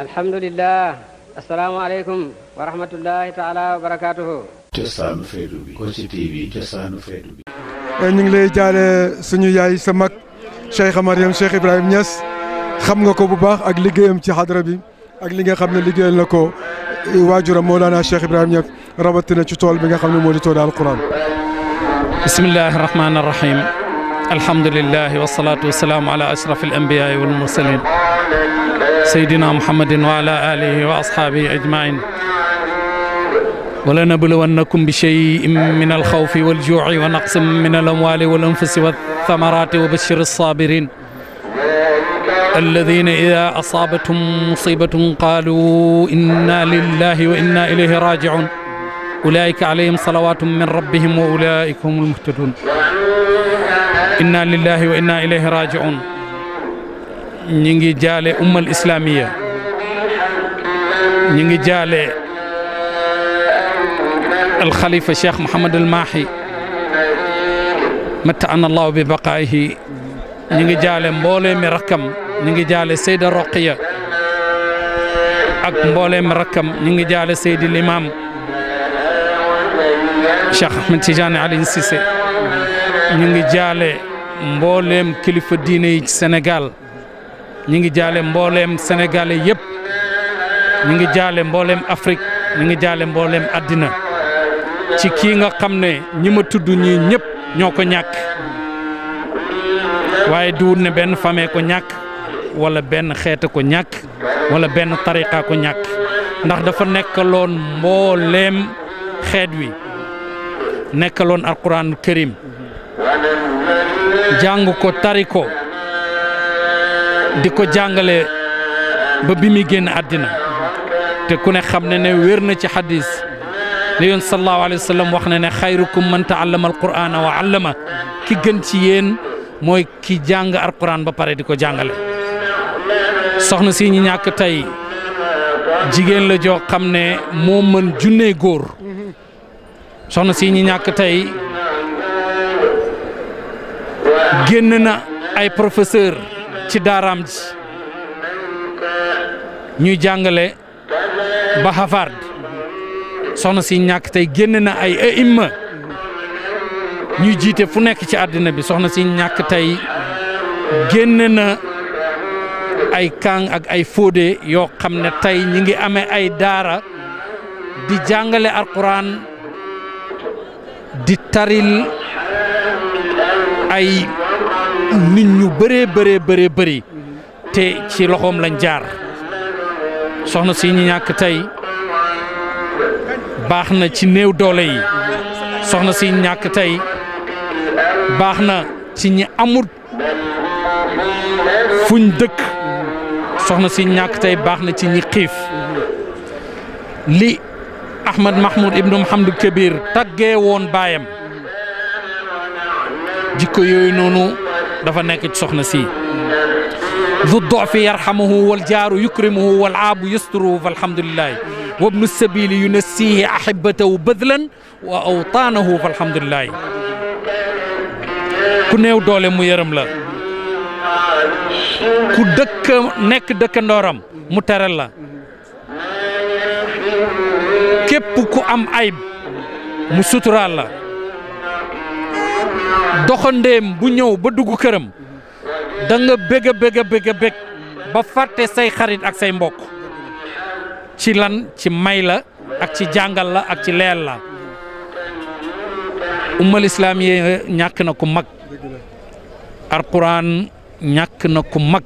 الحمد لله السلام عليكم ورحمة الله تعالى وبركاته جسانو فيدوبي كوتي تي في جسانو فيدوبي نين لي جال سونو ياي سماك شيخ مريم شيخ ابراهيم نياس خم نغا باخ اك ليغيام تي حضره بي اك ليغا خامل ليغيال نكو واجورا مولانا شيخ ابراهيم نياك رابطنا تي تول بيغا خامل مولي تول القران بسم الله الرحمن الرحيم الحمد لله والصلاه والسلام على اشرف الانبياء والمرسلين سيدنا محمد وعلى آله وأصحابه أجمعين ولنبلونكم بشيء من الخوف والجوع ونقص من الأموال والأنفس والثمرات وبشر الصابرين الذين إذا أصابتهم مصيبة قالوا إنا لله وإنا إليه راجعون أولئك عليهم صلوات من ربهم وأولئك هم المهتدون إنا لله وإنا إليه راجعون نيغي جالي ام الاسلاميه نيغي جالي الخليفه الشيخ محمد الماحي متعنا الله ببقائه نيغي جالي مبولي مركم نيغي جالي سيد الرقيه اك مبولي مركم نيغي جالي سيد الامام شيخ احمد تيجاني علي نسيسي نيغي جالي مبولم كلف الدين السنغال ñu ngi jaale mbooleem sénégalais yépp ñi ngi jaale mbooleem Afrique ñi ngi jaale mbooleem àddina ci kii nga xam ne ñi ma tudd ñii ñëpp ñoo ko ñàkk waaye duwut ne benn famille ko ñàkk walla benn xeet ko ñàkk wala benn tariqa ko ñàkk ndax dafa nekkaloon mbooleem xeet wi nekkaloon alquran karim jàng ko tari ko di ko jàngale ba bi muy génn àddina te ku ne xam ne ne wér na ci xadis ne yoon sallallahu alayhi wa sallam wax na ne xayrukum man taallama alqur'ana wa allama ki gën ci yéen mooy ki jàng alquran ba pare di ko jàngale soxna si ñu ñàkk tey jigéen la joo xam ne moo mën junne góor soxna si ñu ñàkk tey génn na ay professeur ci daaraam ji ñuy jàngale ba xafaard soxna si ñàkk tey génn na ay imma ñuy jiite fu nekk ci àddina bi soxna si ñàkk tey génn na ay kàng ak ay fóode yoo xam ne tey ñu ngi ame ay daara di jàngale alxuraan di taril ay nit ñu bëree bëree bëree bëri te ci loxoom lañ jaar soxna si ñàkk tey baax na ci néew doole yi soxna si ñàkk tey baax na ci ñi amut fuñ dëkk soxna si ñàkk tey baax na ci ñi xiif li Ahmad Mahmoud ibnu Mouhamadou Kabir taggee woon baayam jikko yooyu noonu dafa nekk ci soxna si du dofi yarhamuhu wal jaaru yukrimuhu wal aabu yasturuhu fa alhamdulilahi wabnu sabili yunasihi ahibatahu badlan wa awtaanahu fa alhamdulilahi ku néew doole mu yërëm la ku dëkk nekk dëkkandooram mu teral la képp ku am ayib mu suturaal la doxandeem bu ñëw ba dugg këram da nga bëgg a ba fàtte say xarit ak say mbokk ci lan ci may la ak ci jàngal la ak ci leel la ummal islaam yee ñàkk na ku mag alquran ñàkk na ku mag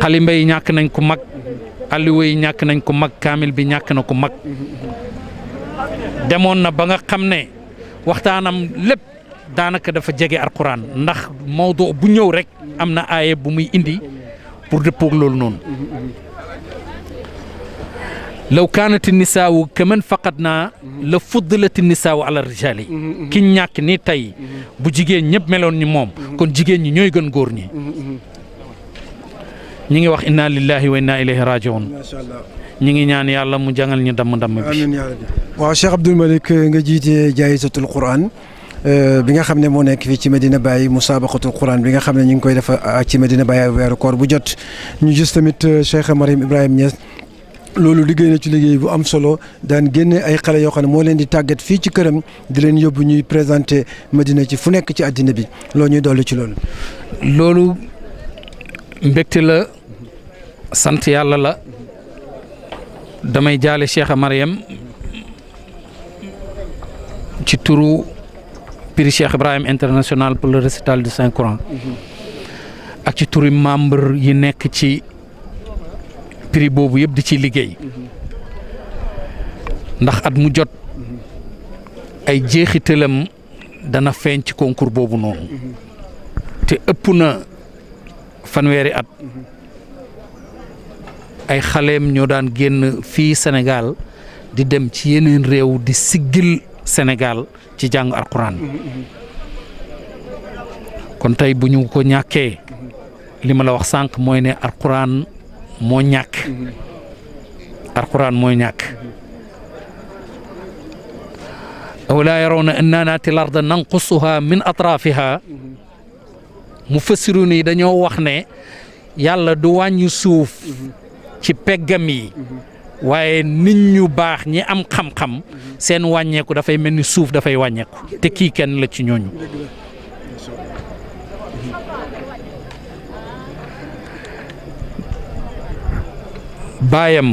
xalimba yi ñàkk nañ ku mag alliwa yi ñàkk nañ ku mag kaamil bi ñàkk na ku mag demoon na ba nga xam ne waxtaanam lépp daanaka dafa jege alquran ndax mawdu bu ñëw rek am na aaye bu muy indi pour dëppoog loolu noonu law kaanati nisaawu kaman faqat naa la fuddalati nisaawu ala rijaali ki ñàkk nii tey bu jigéen ñëpp meloon ni moom kon jigéen ñi ñooy gën góor ñi ñi ngi wax inna lillahi wa inna ilayhi rajiun ñu ngi ñaan yàlla mu jàngal ñu damm-damm bi. amiin waaw Cheikh Abdoul Malick eh, nga jiite jaayisatul Qur'an eh, bi nga xam ne moo nekk fii ci Medina Baye musabaqatul Qur'an bi nga xam ne ñu ngi koy defa ah, ci Medina Baye weeru koor bu jot ñu gis tamit eh, Cheikh Mariam Ibrahima Niass. loolu liggéey na ci liggéey bu am solo daan génne ay xale yoo xam ne moo leen di tàggat fii ci këram di leen yóbbu ñuy présenté Medina ci fu nekk ci àddina bi loo ñuy dolli ci loolu. loolu yàlla la damay jaale Cheikh Mariam ci turu prix Cheikh Ibrahim international pour le récital du Saint Coran ak ci turu membre yi nekk ci prix boobu yëpp di ci liggéey ndax at mu jot ay jeexitalam dana feeñ ci concours boobu noonu te ëpp na fanweeri at. ay xaleem ñoo daan génn fii Sénégal di dem ci yeneen réew di siggil Sénégal ci jàng alquran kon tey bu ñu ko ñàkkee li ma la wax sànq mooy ne alquran moo ñàkk alquran mooy ñàkk awalaa yarawna annaa naati larda nanqusuha min atrafiha mu fassiru ni dañoo wax ne yàlla du wàññi suuf ci peggam yi waaye nit ñu baax ñi am xam-xam seen wàññeeku dafay mel ni suuf dafay wàññeeku te kii kenn la ci ñooñu baayam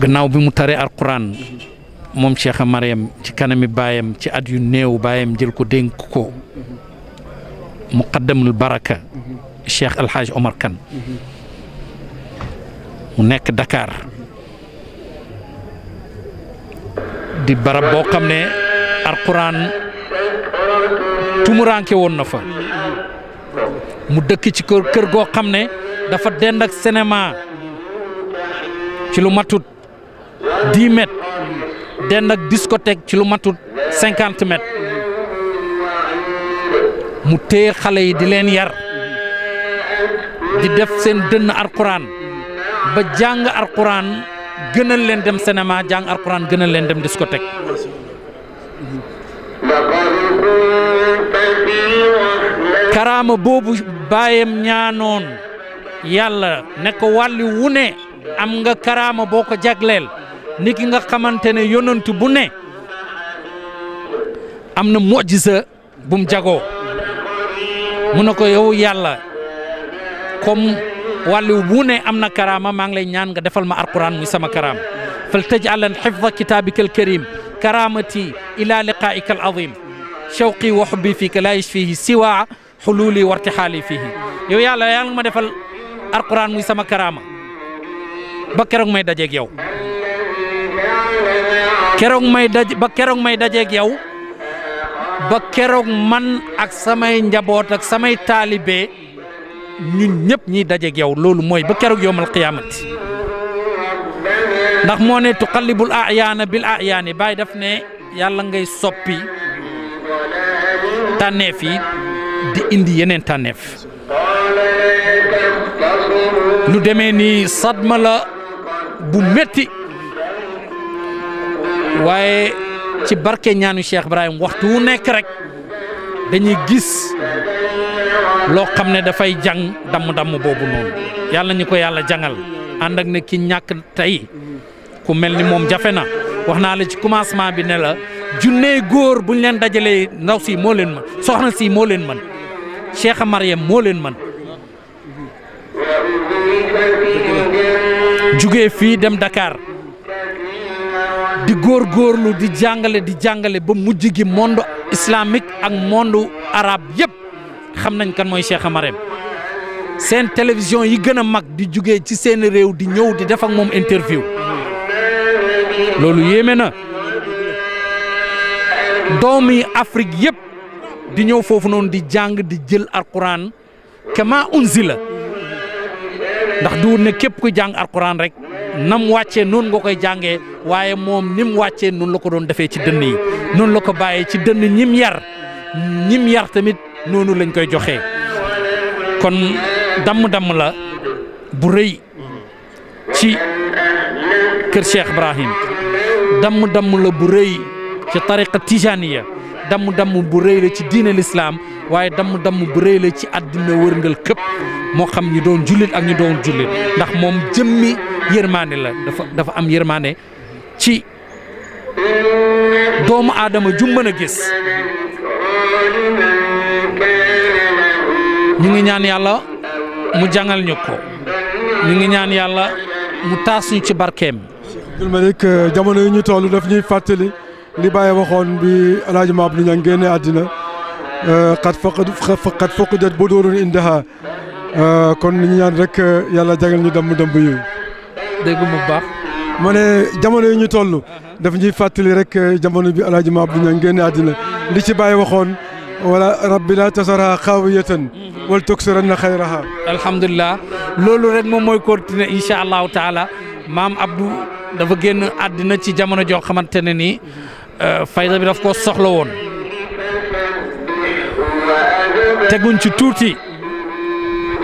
gannaaw bi mu taree alquran moom Cheikh maryam ci kanami baayam ci at yu néew baayam jël ko dénk ko muqaddamul baraka Cheikh Alhaaj Omar Kan mu nekk dakaar di barab boo xam ne alquran tumuranke woon na fa mu dëkk ci kër kër goo xam ne dafa dend ak cinéma ci lu matut dix mètres dend ci lu matut cinquante mu téye xale yi di leen yar di def seen dënn alquran ba jàng alquran gënal leen dem cinéma jàng alquran gënal leen dem discothèque karaama boobu baayam ñaanoon yàlla ne ko wàlli wu ne am nga karaama boo ko jagleel ni ki nga xamante ne yonant bu ne am na mojisa bu mu jagoo mu ne ko yow yàlla comme walu bu ne am na karaama ngi lay ñaan nga defal ma alquran muy sama karam fal taj'alan xifda kitabikal karim karamati ila liqa'ikal azim shawqi wa hubbi fika laa yashfihi siwa hululi wa irtihali fihi yow yàlla yàlla nga ma defal alquran muy sama karama ba kero ngi may dajje ak yow kero ngi may dajje ba kero ngi may dajje ak yow ba kero man ak samay njabot ak samay talibé ñun ñëpp ñiy ak yow loolu moy ba kërok yowmal qiyaamati ndax mo ne tuqallibul a'yan bil a'yan bay daf ne yalla ngay soppi tanef yi di indi yenen tanef lu demee ni sadma la bu metti waye ci barke ñaanu Cheikh Ibrahim waxtu nekk rek dañuy gis lo xamne ne fay jang dam dam bobu non yalla ñiko yalla jangal and ak ne ki ñak tay ku melni ni jafena waxna la ci commencement bi ne la junnee góor buñ len dajale ndaw si mo len man soxna si mo len man cheikh Mariam mo len man jugge fi dem Dakar di góorgóorlu di jangale di jangale ba mujj gi monde islamique ak monde arab yeb xam nañ kan mooy Cheikh Marème seen télévision yi gën a mag di jóge ci seeni réew di ñëw di def ak moom interview loolu yéeme na doomi Afrique yëpp di ñëw foofu noonu di jàng di jël alquran kama la ndax du ne képp ku jàng alquran rek nam wàccee noonu nga koy jàngee waaye moom ni mu wàccee noonu la ko doon defee ci dënn yi noonu la ko bàyyee ci dënn ñim yar ñim yar tamit. noonu lañ koy joxe kon damm-damm la bu rëy ci kër Cheikh Ibrahim damm-damm la bu rëy ci tariqa tijaniya damm-damm bu rëy la ci diine lislaam waaye damm-damm bu rëy la ci àddina wërngal këpp moo xam ñu doon jullit ak ñu doon jullit ndax moom jëmmi yërmaane la dafa dafa am yërmaane ci doomu aadama ju mën a gis ñu ngi ñaan yàlla mu jàngal ñu ko ñu ngi ñaan yàlla mu taas ñu ci barkeem. Abdul Malik euh, jamono yi ñu toll daf ñuy fàttali li Baye waxoon bi El Hadj Mame Abdou Niang génne àddina xat euh, faqat fuqidat budurun indaha euh, kon ñu ñaan rek yàlla jagal ñu dem dem yooyu. dégg mu baax. ma jamono yi ñu toll daf ñuy fàttali rek jamono bi El Hadj Mame Abdou génne àddina li ci Baye waxoon. ولا رب لا تزرها قاوية ولتكسرن خيرها الحمد لله لولو رك موم موي ان شاء الله تعالى مام عبدو دا فا ген ادنا سي جامونو جو خامتاني ني أه، فايدا بي دافكو سوخلو وون تگون سي توتي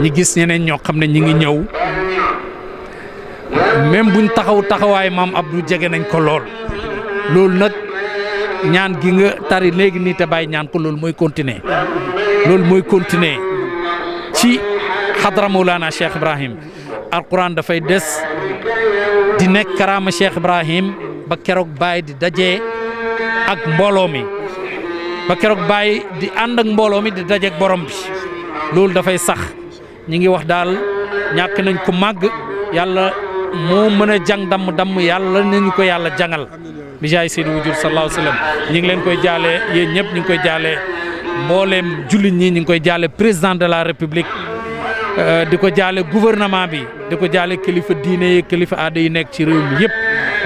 ني گيس نينن ньо خامن ني نيغي نيو ميم بون تاخاو تاخواي مام عبدو جيگي نانكو لول لول نك ñaan gi nga tari léegi nii te bàyyi ñaan ko loolu mooy continuer loolu mooy continuer ci xadra Mawlana Cheikh Ibrahim alquran dafay des di nekk karaama Cheikh Ibrahim ba keroog baay di daje ak mbooloo mi ba keroog baay di ànd ak mbooloo mi di daje ak borom bi loolu dafay sax ñi ngi wax daal ñàkk nañ ko màgg yàlla. moo mën a jàng damm damm yàlla nañu ko yàlla jangal bi jaay seen wujur sallallahu alayhi wa ngi leen koy jaale yéen ñëpp ñu ngi koy jaale mbooleem jullit ñi ñu ngi koy jaale président de la république euh, di ko jaale gouvernement bi di ko jaale kilifa diine yi kilifa aada yi nekk ci réew mi yëpp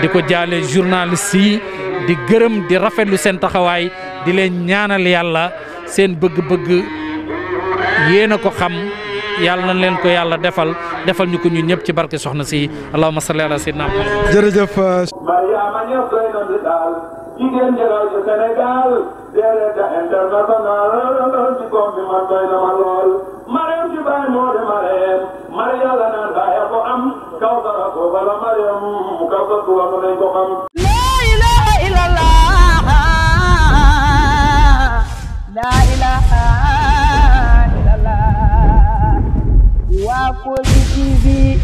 di ko jaale journaliste yi di gërëm di rafetlu seen taxawaay di leen ñaanal yàlla seen bëgg-bëgg yéen a ko xam yàlla nañ leen ko yàlla defal defal ñu ko ñun ñëpp ci barke soxna si allahumma salli ala sayyidina jërëjëf euh, Mariama Niass doy na di daal jigéen jëlaw ci ci koom bi man Mariam ci baay moo di Mariam Mar yàlla naan Mariam mu kaw ko fuli tv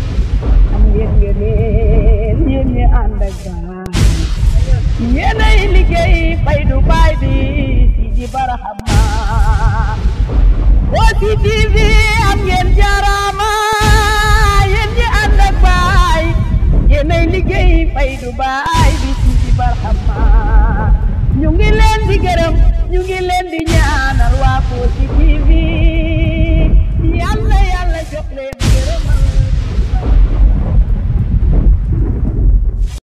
am ngeen ngeen yéen ñi ànd ak gaal yéenay liggéey faydu baay bi si ji barahama fuli oh, tv am ngeen jaarama yéen ya, ñi ànd ak baay ya, nah, yéenay liggéey faydu baay bi barahama ñu ngi di gërëm ñu ngi leen di ñaanal tv